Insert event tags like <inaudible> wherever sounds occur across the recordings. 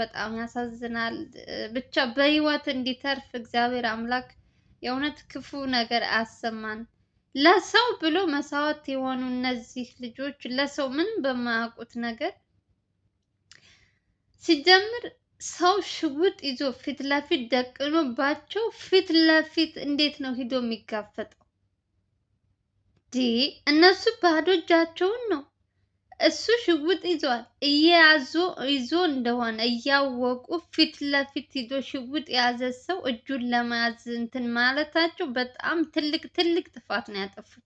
በጣም ያሳዝናል። ብቻ በህይወት እንዲተርፍ እግዚአብሔር አምላክ የእውነት ክፉ ነገር አያሰማን። ለሰው ብሎ መስዋዕት የሆኑ እነዚህ ልጆች ለሰው ምን በማያውቁት ነገር ሲጀምር ሰው ሽጉጥ ይዞ ፊት ለፊት ደቅኖባቸው ፊት ለፊት እንዴት ነው ሂዶ የሚጋፈጠው? እነሱ ባዶ እጃቸውን ነው እሱ ሽጉጥ ይዟል። እየያዙ ይዞ እንደሆነ እያወቁ ፊት ለፊት ይዞ ሽጉጥ የያዘ ሰው እጁን ለመያዝ እንትን ማለታቸው በጣም ትልቅ ትልቅ ጥፋት ነው ያጠፉት።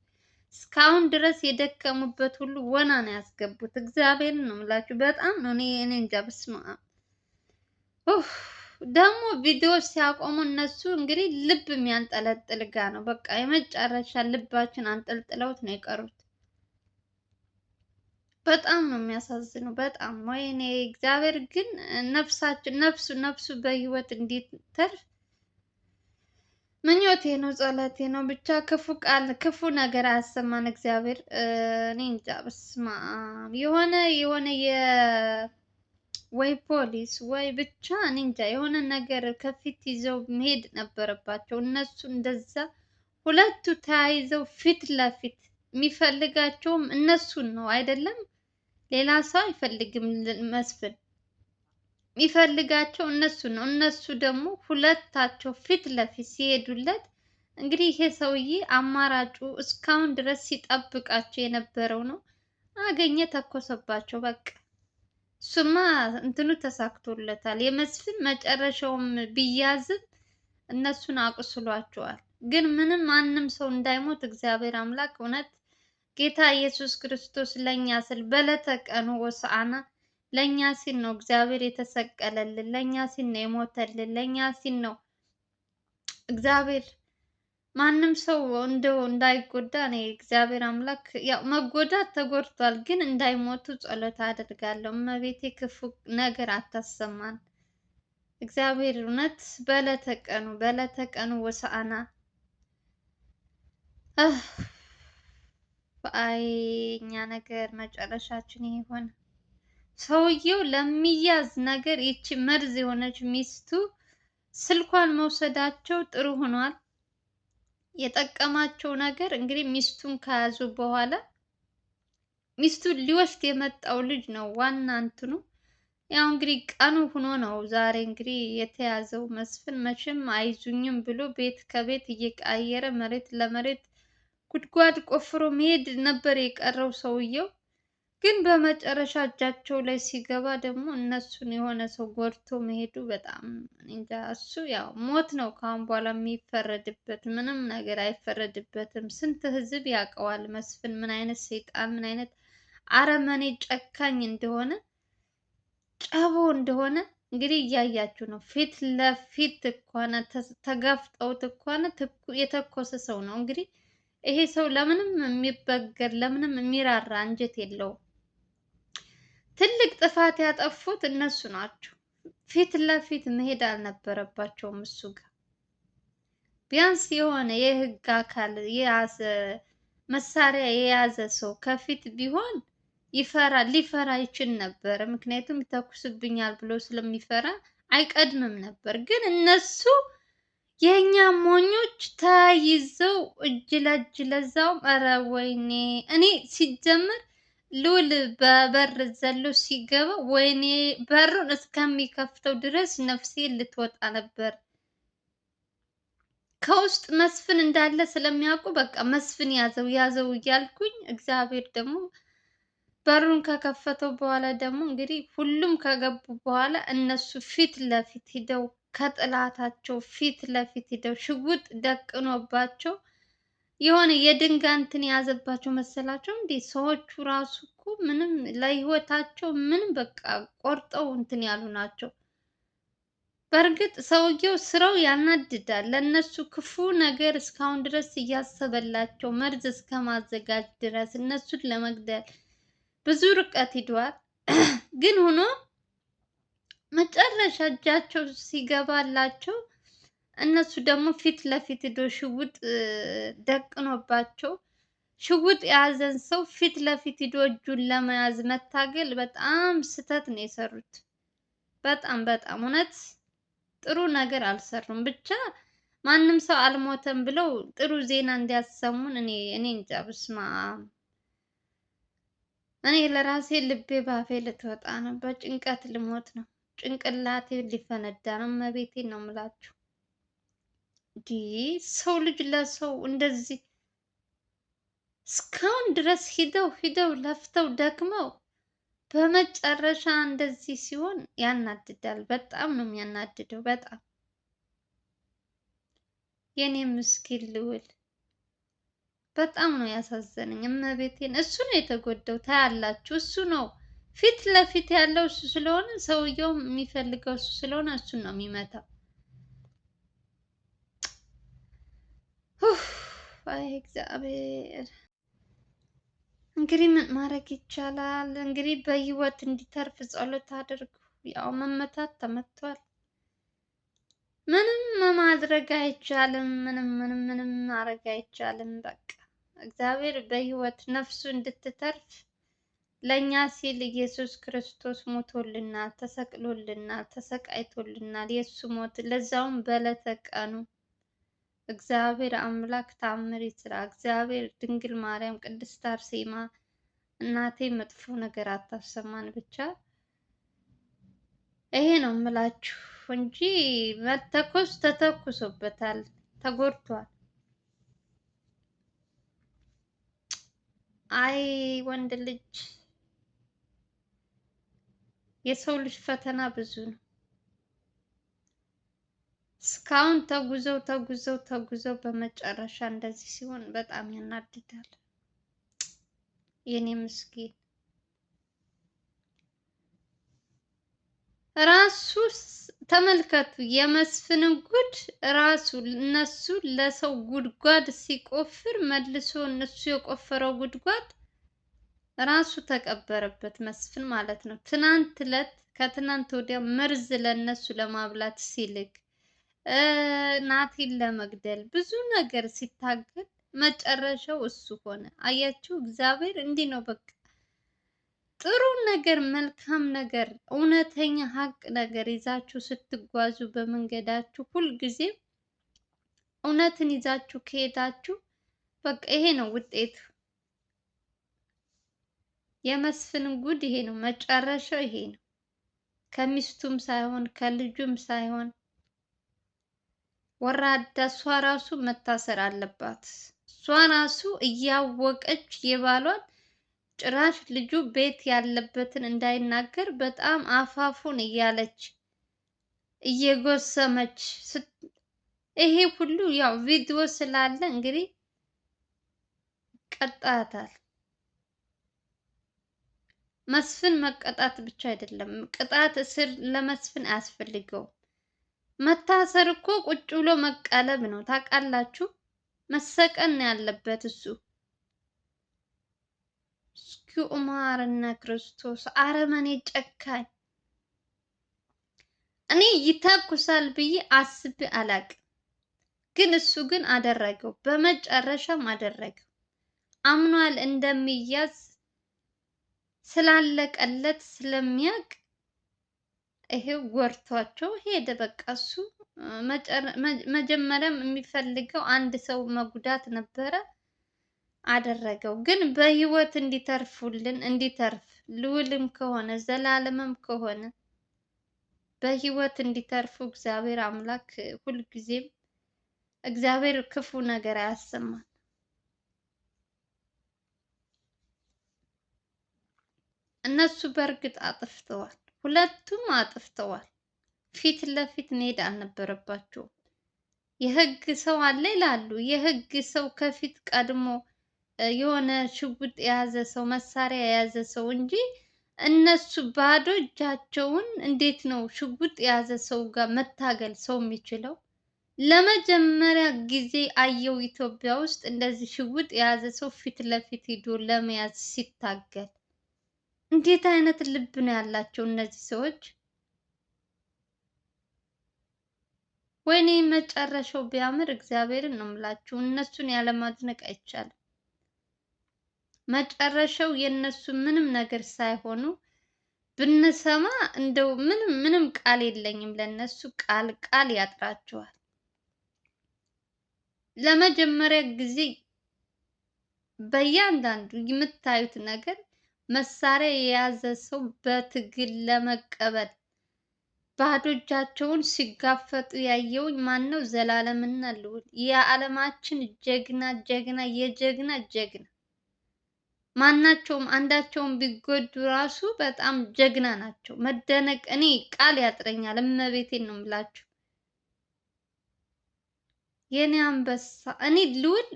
እስካሁን ድረስ የደከሙበት ሁሉ ወና ነው ያስገቡት። እግዚአብሔር ነው ምላችሁ። በጣም ነው እኔ እኔ እንጃ በስመ አብ ደግሞ ቪዲዮ ሲያቆሙ እነሱ እንግዲህ ልብ የሚያንጠለጥል ጋ ነው በቃ የመጨረሻ ልባችን አንጠልጥለውት ነው የቀሩት። በጣም ነው የሚያሳዝኑ። በጣም ወይኔ እግዚአብሔር ግን ነፍሳቸው ነፍሱ ነፍሱ በህይወት እንዲተርፍ ምኞቴ ነው፣ ጸሎቴ ነው። ብቻ ክፉ ቃል ክፉ ነገር አያሰማን እግዚአብሔር። እኔ እንጃ በስመ አብ የሆነ የሆነ ወይ ፖሊስ ወይ ብቻ እኔ እንጃ የሆነ ነገር ከፊት ይዘው መሄድ ነበረባቸው እነሱ እንደዛ ሁለቱ ተያይዘው ፊት ለፊት የሚፈልጋቸውም እነሱን ነው አይደለም። ሌላ ሰው አይፈልግም መስፍን። የሚፈልጋቸው እነሱ ነው። እነሱ ደግሞ ሁለታቸው ፊት ለፊት ሲሄዱለት እንግዲህ ይሄ ሰውዬ አማራጩ እስካሁን ድረስ ሲጠብቃቸው የነበረው ነው። አገኘ፣ ተኮሰባቸው። በቃ እሱማ እንትኑ ተሳክቶለታል። የመስፍን መጨረሻውም ቢያዝም እነሱን አቁስሏቸዋል። ግን ምንም ማንም ሰው እንዳይሞት እግዚአብሔር አምላክ እውነት ጌታ ኢየሱስ ክርስቶስ ለእኛ ስል በዕለተ ቀኑ ሆሳዕና ለእኛ ሲል ነው እግዚአብሔር የተሰቀለልን፣ ለእኛ ሲል ነው የሞተልን፣ ለእኛ ሲል ነው እግዚአብሔር ማንም ሰው እንደው እንዳይጎዳ እኔ እግዚአብሔር አምላክ ያው መጎዳት ተጎድቷል፣ ግን እንዳይሞቱ ጸሎት አደርጋለሁ። እመቤቴ ክፉ ነገር አታሰማን። እግዚአብሔር እውነት በዕለተ ቀኑ በዕለተ ቀኑ በአይኛ ነገር መጨረሻችን ይሄ ሆነ። ሰውየው ለሚያዝ ነገር ይቺ መርዝ የሆነች ሚስቱ ስልኳን መውሰዳቸው ጥሩ ሆኗል። የጠቀማቸው ነገር እንግዲህ ሚስቱን ከያዙ በኋላ ሚስቱ ሊወስድ የመጣው ልጅ ነው ዋና እንትኑ። ያው እንግዲህ ቀኑ ሆኖ ነው ዛሬ እንግዲህ የተያዘው መስፍን። መቼም አይዙኝም ብሎ ቤት ከቤት እየቀያየረ መሬት ለመሬት ጉድጓድ ቆፍሮ መሄድ ነበር የቀረው ሰውየው። ግን በመጨረሻ እጃቸው ላይ ሲገባ ደግሞ እነሱን የሆነ ሰው ጎድቶ መሄዱ በጣም እንጃ። እሱ ያው ሞት ነው ከአሁን በኋላ የሚፈረድበት ምንም ነገር አይፈረድበትም። ስንት ህዝብ ያውቀዋል መስፍን ምን አይነት ሰይጣን፣ ምን አይነት አረመኔ ጨካኝ እንደሆነ ጨቦ እንደሆነ እንግዲህ እያያችሁ ነው። ፊት ለፊት እኳነ ተጋፍጠውት እኳነ የተኮሰ ሰው ነው እንግዲህ ይሄ ሰው ለምንም የሚበገር ለምንም የሚራራ አንጀት የለውም። ትልቅ ጥፋት ያጠፉት እነሱ ናቸው። ፊት ለፊት መሄድ አልነበረባቸውም እሱ ጋር ቢያንስ የሆነ የህግ አካል የያዘ መሳሪያ የያዘ ሰው ከፊት ቢሆን ይፈራ ሊፈራ ይችል ነበር። ምክንያቱም ይተኩስብኛል ብሎ ስለሚፈራ አይቀድምም ነበር ግን እነሱ የእኛ ሞኞች ተይዘው እጅ ለእጅ ለዛው። ኧረ ወይኔ! እኔ ሲጀምር ሉል በበር ዘሎ ሲገባ ወይኔ በሩን እስከሚከፍተው ድረስ ነፍሴ ልትወጣ ነበር። ከውስጥ መስፍን እንዳለ ስለሚያውቁ በቃ መስፍን ያዘው ያዘው እያልኩኝ እግዚአብሔር ደግሞ በሩን ከከፈተው በኋላ ደግሞ እንግዲህ ሁሉም ከገቡ በኋላ እነሱ ፊት ለፊት ሂደው ከጥላታቸው ፊት ለፊት ሂደው ሽጉጥ ደቅኖባቸው የሆነ የድንጋይ እንትን የያዘባቸው መሰላቸው። እንዴ ሰዎቹ ራሱ እኮ ምንም ለህይወታቸው ምንም በቃ ቆርጠው እንትን ያሉ ናቸው። በእርግጥ ሰውየው ስራው ያናድዳል። ለእነሱ ክፉ ነገር እስካሁን ድረስ እያሰበላቸው መርዝ እስከ ማዘጋጅ ድረስ እነሱን ለመግደል ብዙ ርቀት ሂዷል። <clears throat> ግን ሆኖ መጨረሻ እጃቸው ሲገባላቸው እነሱ ደግሞ ፊት ለፊት ሄዶ ሽውጥ ደቅኖባቸው ሽውጥ የያዘን ሰው ፊት ለፊት ሄዶ እጁን ለመያዝ መታገል በጣም ስህተት ነው የሰሩት። በጣም በጣም እውነት ጥሩ ነገር አልሰሩም። ብቻ ማንም ሰው አልሞተም ብለው ጥሩ ዜና እንዲያሰሙን እኔ እኔ እንጃ ብስማ እኔ ለራሴ ልቤ ባፌ ልትወጣ ነው። በጭንቀት ልሞት ነው። ጭንቅላቴ ሊፈነዳ ነው። መቤቴ ነው የምላችሁ። ሰው ልጅ ለሰው እንደዚህ እስካሁን ድረስ ሂደው ሂደው ለፍተው ደክመው በመጨረሻ እንደዚህ ሲሆን ያናድዳል። በጣም ነው የሚያናድደው። በጣም የኔ ምስኪን ልውል በጣም ነው ያሳዘነኝ። እመቤቴን እሱ ነው የተጎዳው። ታያላችሁ፣ እሱ ነው ፊት ለፊት ያለው እሱ ስለሆነ ሰውየው የሚፈልገው እሱ ስለሆነ እሱን ነው የሚመታው። እግዚአብሔር እንግዲህ ምን ማድረግ ይቻላል? እንግዲህ በህይወት እንዲተርፍ ጸሎት አድርጉ። ያው መመታት ተመቷል። ምንም ማድረግ አይቻልም። ምንም ምንም ምንም ማድረግ አይቻልም። በቃ እግዚአብሔር በህይወት ነፍሱ እንድትተርፍ ለእኛ ሲል ኢየሱስ ክርስቶስ ሞቶልናል፣ ተሰቅሎልናል፣ ተሰቃይቶልናል። የእሱ ሞት ለዛውም በዕለተ ቀኑ እግዚአብሔር አምላክ ታምር ይስራ። እግዚአብሔር ድንግል ማርያም ቅድስት አርሴማ እናቴ መጥፎ ነገር አታሰማን። ብቻ ይሄ ነው የምላችሁ እንጂ መተኮስ ተተኩሶበታል፣ ተጎድቷል። አይ ወንድ ልጅ የሰው ልጅ ፈተና ብዙ ነው። እስካሁን ተጉዘው ተጉዘው ተጉዘው በመጨረሻ እንደዚህ ሲሆን በጣም ያናድዳል። የኔ ምስኪን ራሱ ተመልከቱ የመስፍን ጉድ ራሱ እነሱ ለሰው ጉድጓድ ሲቆፍር መልሶ እነሱ የቆፈረው ጉድጓድ ራሱ ተቀበረበት መስፍን ማለት ነው። ትናንት ዕለት ከትናንት ወዲያ መርዝ ለነሱ ለማብላት ሲልክ ናቲን ለመግደል ብዙ ነገር ሲታገል መጨረሻው እሱ ሆነ። አያችሁ፣ እግዚአብሔር እንዲህ ነው በቃ ጥሩ ነገር መልካም ነገር እውነተኛ ሀቅ ነገር ይዛችሁ ስትጓዙ በመንገዳችሁ ሁልጊዜም እውነትን ይዛችሁ ከሄዳችሁ በቃ ይሄ ነው ውጤቱ። የመስፍን ጉድ ይሄ ነው፣ መጨረሻው ይሄ ነው። ከሚስቱም ሳይሆን ከልጁም ሳይሆን ወራዳ እሷ ራሱ መታሰር አለባት። እሷ ራሱ እያወቀች የባሏን ጭራሽ ልጁ ቤት ያለበትን እንዳይናገር በጣም አፋፉን እያለች እየጎሰመች ይሄ ሁሉ ያው ቪዲዮ ስላለ እንግዲህ ቀጣታል። መስፍን መቀጣት ብቻ አይደለም፣ ቅጣት እስር ለመስፍን አያስፈልገውም። መታሰር እኮ ቁጭ ብሎ መቀለብ ነው። ታውቃላችሁ? መሰቀን ያለበት እሱ። እስኪ ኡማርና ክርስቶስ አረመኔ ጨካኝ። እኔ ይተኩሳል ብዬ አስቤ አላቅም፣ ግን እሱ ግን አደረገው። በመጨረሻም አደረገው። አምኗል እንደሚያዝ ስላለቀለት ስለሚያውቅ ይሄ ጎርቷቸው ሄደ። በቃ እሱ መጀመሪያም የሚፈልገው አንድ ሰው መጉዳት ነበረ፣ አደረገው። ግን በህይወት እንዲተርፉልን እንዲተርፍ ልዑልም ከሆነ ዘላለምም ከሆነ በህይወት እንዲተርፉ እግዚአብሔር አምላክ ሁልጊዜም እግዚአብሔር ክፉ ነገር አያሰማም። እነሱ በእርግጥ አጥፍተዋል፣ ሁለቱም አጥፍተዋል። ፊት ለፊት መሄድ አልነበረባቸውም። የህግ ሰው አለ ይላሉ። የህግ ሰው ከፊት ቀድሞ የሆነ ሽጉጥ የያዘ ሰው መሳሪያ የያዘ ሰው እንጂ እነሱ ባዶ እጃቸውን እንዴት ነው ሽጉጥ የያዘ ሰው ጋር መታገል ሰው የሚችለው? ለመጀመሪያ ጊዜ አየው ኢትዮጵያ ውስጥ እንደዚህ ሽጉጥ የያዘ ሰው ፊት ለፊት ሂዶ ለመያዝ ሲታገል እንዴት አይነት ልብ ነው ያላቸው እነዚህ ሰዎች? ወይኔ መጨረሻው ቢያምር እግዚአብሔርን ነው የምላችሁ። እነሱን ያለማድነቅ አይቻልም። መጨረሻው የእነሱ ምንም ነገር ሳይሆኑ ብንሰማ እንደው ምንም ምንም ቃል የለኝም ለእነሱ ቃል ቃል ያጥራቸዋል። ለመጀመሪያ ጊዜ በእያንዳንዱ የምታዩት ነገር መሳሪያ የያዘ ሰው በትግል ለመቀበል ባዶ እጃቸውን ሲጋፈጡ ያየውኝ ማን ነው? ዘላለምና ልዑል የዓለማችን ጀግና ጀግና የጀግና ጀግና ማናቸውም አንዳቸውም ቢጎዱ ራሱ በጣም ጀግና ናቸው። መደነቅ እኔ ቃል ያጥረኛል። እመቤቴን ነው የምላችሁ። የኔ አንበሳ እኔ ልዑል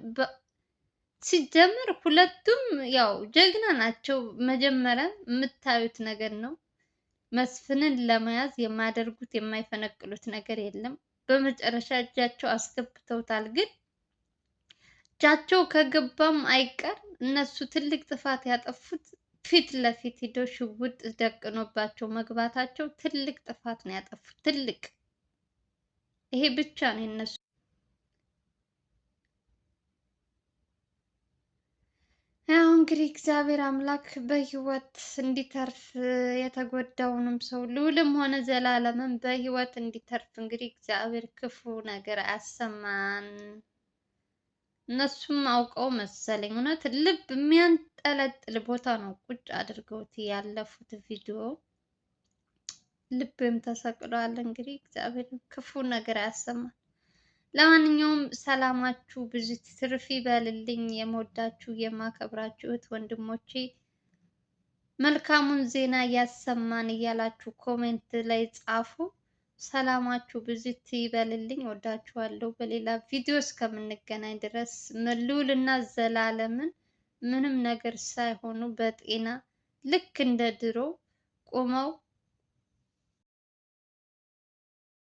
ሲጀምር ሁለቱም ያው ጀግና ናቸው። መጀመሪያ የምታዩት ነገር ነው። መስፍንን ለመያዝ የማያደርጉት የማይፈነቅሉት ነገር የለም። በመጨረሻ እጃቸው አስገብተውታል። ግን እጃቸው ከገባም አይቀር እነሱ ትልቅ ጥፋት ያጠፉት ፊት ለፊት ሂዶ ሽጉጥ ደቅኖባቸው መግባታቸው ትልቅ ጥፋት ነው ያጠፉት። ትልቅ ይሄ ብቻ ነው የነሱ ያው እንግዲህ እግዚአብሔር አምላክ በህይወት እንዲተርፍ የተጎዳውንም ሰው ልዑልም ሆነ ዘላለምም በህይወት እንዲተርፍ እንግዲህ እግዚአብሔር ክፉ ነገር አያሰማን። እነሱም አውቀው መሰለኝ እውነት ልብ የሚያንጠለጥል ቦታ ነው ቁጭ አድርገውት ያለፉት ቪዲዮ ልብም ተሰቅሏል። እንግዲህ እግዚአብሔር ክፉ ነገር አያሰማን። ለማንኛውም ሰላማችሁ ብዙ ትርፍ ይበልልኝ። የምወዳችሁ የማከብራችሁ እህት ወንድሞቼ መልካሙን ዜና ያሰማን እያላችሁ ኮሜንት ላይ ጻፉ። ሰላማችሁ ብዙ ይበልልኝ። ወዳችኋለሁ። በሌላ ቪዲዮ እስከምንገናኝ ድረስ ልዑል እና ዘላለምን ምንም ነገር ሳይሆኑ በጤና ልክ እንደ ድሮ ቁመው